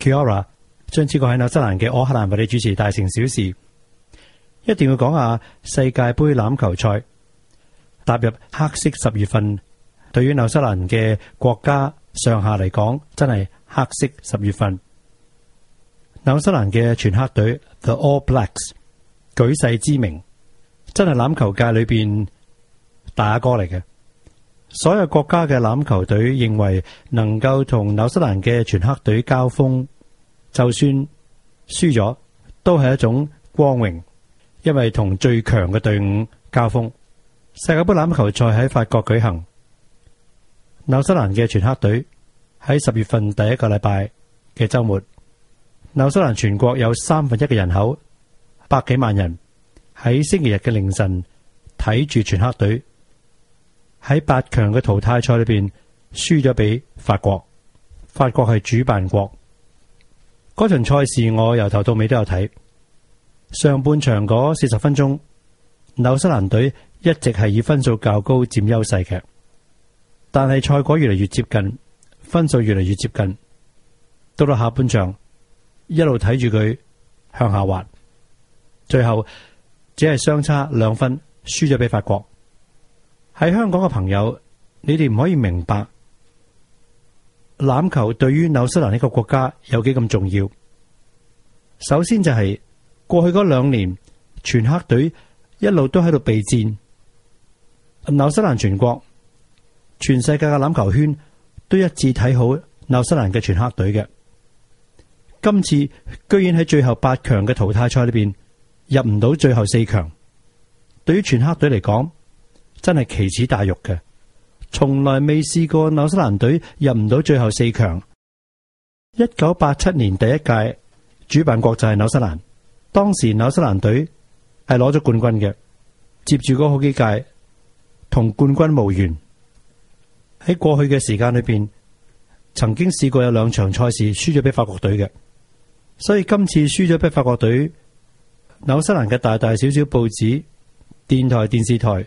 Kiora，張之珏喺紐西蘭嘅奧克蘭為你主持《大城小事》，一定要講下世界杯欖球賽。踏入黑色十月份，對於紐西蘭嘅國家上下嚟講，真係黑色十月份。紐西蘭嘅全黑隊 The All Blacks 舉世知名，真係欖球界裏邊大阿哥嚟嘅。所有國家嘅欖球隊認為能夠同紐西蘭嘅全黑隊交鋒，就算輸咗都係一種光榮，因為同最強嘅隊伍交鋒。世界杯欖球賽喺法國舉行，紐西蘭嘅全黑隊喺十月份第一個禮拜嘅週末，紐西蘭全國有三分一嘅人口，百幾萬人喺星期日嘅凌晨睇住全黑隊。喺八強嘅淘汰賽裏邊，輸咗俾法國。法國係主辦國，嗰場賽事我由頭到尾都有睇。上半場嗰四十分鐘，紐西蘭隊一直係以分數較高佔優勢嘅，但係賽果越嚟越接近，分數越嚟越接近。到到下半場，一路睇住佢向下滑，最後只係相差兩分，輸咗俾法國。喺香港嘅朋友，你哋唔可以明白，欖球對於紐西蘭呢個國家有幾咁重要。首先就係、是、過去嗰兩年，全黑隊一路都喺度備戰。紐西蘭全國、全世界嘅欖球圈都一致睇好紐西蘭嘅全黑隊嘅。今次居然喺最後八強嘅淘汰賽裏邊入唔到最後四強，對於全黑隊嚟講。真係奇恥大辱嘅，從來未試過紐西蘭隊入唔到最後四強。一九八七年第一屆主辦國就係紐西蘭，當時紐西蘭隊係攞咗冠軍嘅。接住嗰好幾屆同冠軍無緣，喺過去嘅時間裏邊，曾經試過有兩場賽事輸咗俾法國隊嘅，所以今次輸咗俾法國隊，紐西蘭嘅大大小小報紙、電台、電視台。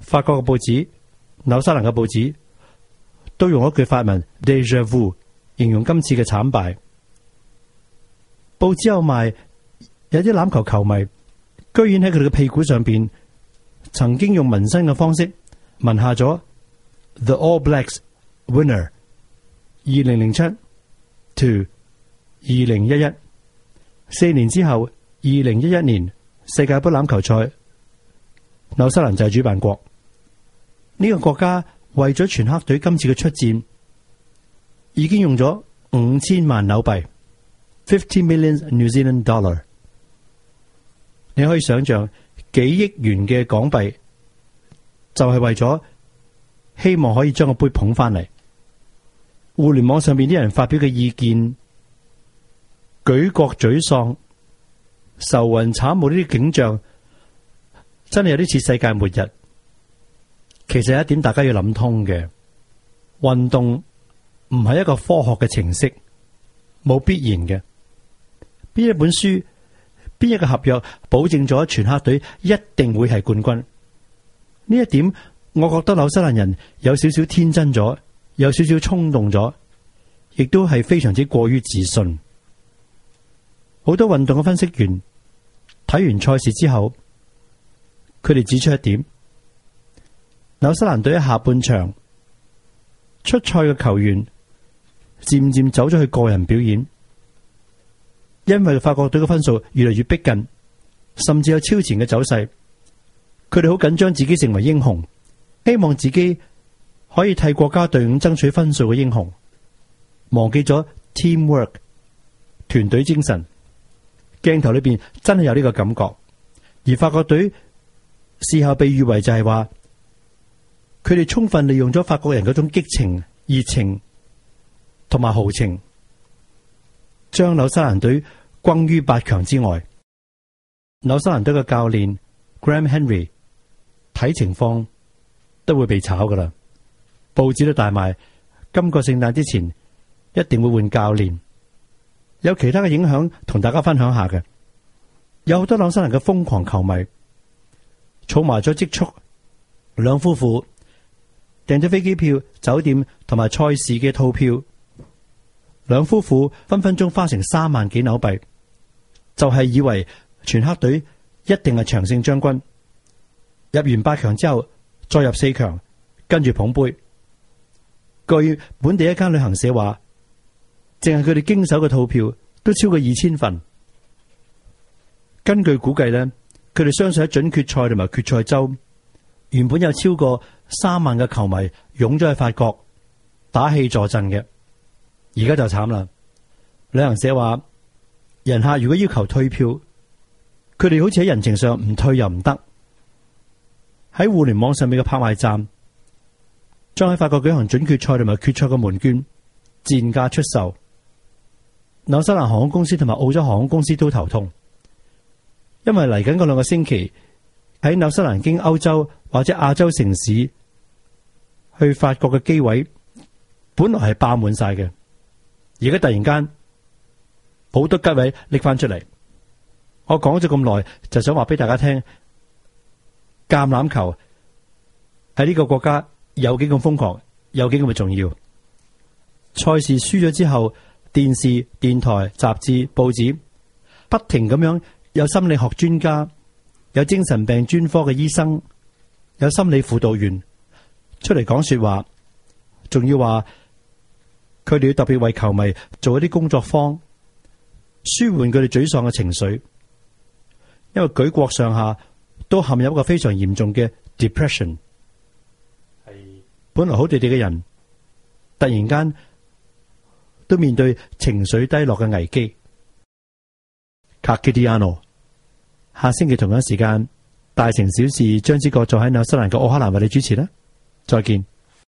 法國嘅報紙、紐西蘭嘅報紙都用一句法文 déjà vu 形容今次嘅慘敗。報紙有埋有啲欖球球迷，居然喺佢哋嘅屁股上邊，曾經用紋身嘅方式紋下咗 “The All Blacks winner” 二零零七 to 二零一一。四年之後，二零一一年世界杯橄欖球賽。紐西蘭就係主辦國，呢個國家為咗全黑隊今次嘅出戰，已經用咗五千萬紐幣 （fifty million New Zealand dollar）。你可以想象幾億元嘅港幣，就係為咗希望可以將個杯捧翻嚟。互聯網上面啲人發表嘅意見，舉國沮喪、愁雲慘霧呢啲景象。真係有啲似世界末日。其實一點大家要諗通嘅，運動唔係一個科學嘅程式，冇必然嘅。邊一本書，邊一個合約，保證咗全黑隊一定會係冠軍。呢一點，我覺得紐西蘭人有少少天真咗，有少少衝動咗，亦都係非常之過於自信。好多運動嘅分析員睇完賽事之後。佢哋指出一點，紐西蘭隊喺下半場出賽嘅球員漸漸走咗去個人表演，因為法國隊嘅分數越嚟越逼近，甚至有超前嘅走勢。佢哋好緊張自己成為英雄，希望自己可以替國家隊伍爭取分數嘅英雄，忘記咗 teamwork 團隊精神。鏡頭裏邊真係有呢個感覺，而法國隊。事後被譽為就係話，佢哋充分利用咗法國人嗰種激情、熱情同埋豪情，將紐西蘭隊轟於八強之外。紐西蘭隊嘅教練 Graham Henry 睇情況都會被炒噶啦，報紙都大賣。今個聖誕之前一定會換教練，有其他嘅影響同大家分享下嘅。有好多紐西蘭嘅瘋狂球迷。儲埋咗積蓄，兩夫婦訂咗飛機票、酒店同埋賽事嘅套票。兩夫婦分分鐘花成三萬幾紐幣，就係、是、以為全黑隊一定係長勝將軍。入完八強之後，再入四強，跟住捧杯。據本地一間旅行社話，淨係佢哋經手嘅套票都超過二千份。根據估計呢。佢哋相信喺準決賽同埋決賽週，原本有超過三萬嘅球迷湧咗去法國打氣助陣嘅，而家就慘啦！旅行社話，人客如果要求退票，佢哋好似喺人情上唔退又唔得。喺互聯網上面嘅拍賣站，將喺法國舉行準決賽同埋決賽嘅門券賤價出售。紐西蘭航空公司同埋澳洲航空公司都頭痛。因為嚟緊嗰兩個星期喺紐西蘭，經歐洲或者亞洲城市去法國嘅機位，本來係霸滿晒嘅，而家突然間好多吉位拎翻出嚟。我講咗咁耐，就想話俾大家聽，橄欖球喺呢個國家有幾咁瘋狂，有幾咁重要。賽事輸咗之後，電視、電台、雜誌、報紙不停咁樣。有心理學專家、有精神病專科嘅醫生、有心理輔導員出嚟講說話，仲要話佢哋要特別為球迷做一啲工作坊，舒緩佢哋沮喪嘅情緒，因為舉國上下都陷入一個非常嚴重嘅 depression，是本來好地地嘅人，突然間都面對情緒低落嘅危機。卡基蒂阿。下星期同樣時間，大城小事張之玨就喺紐西蘭嘅奧克蘭為你主持啦。再見。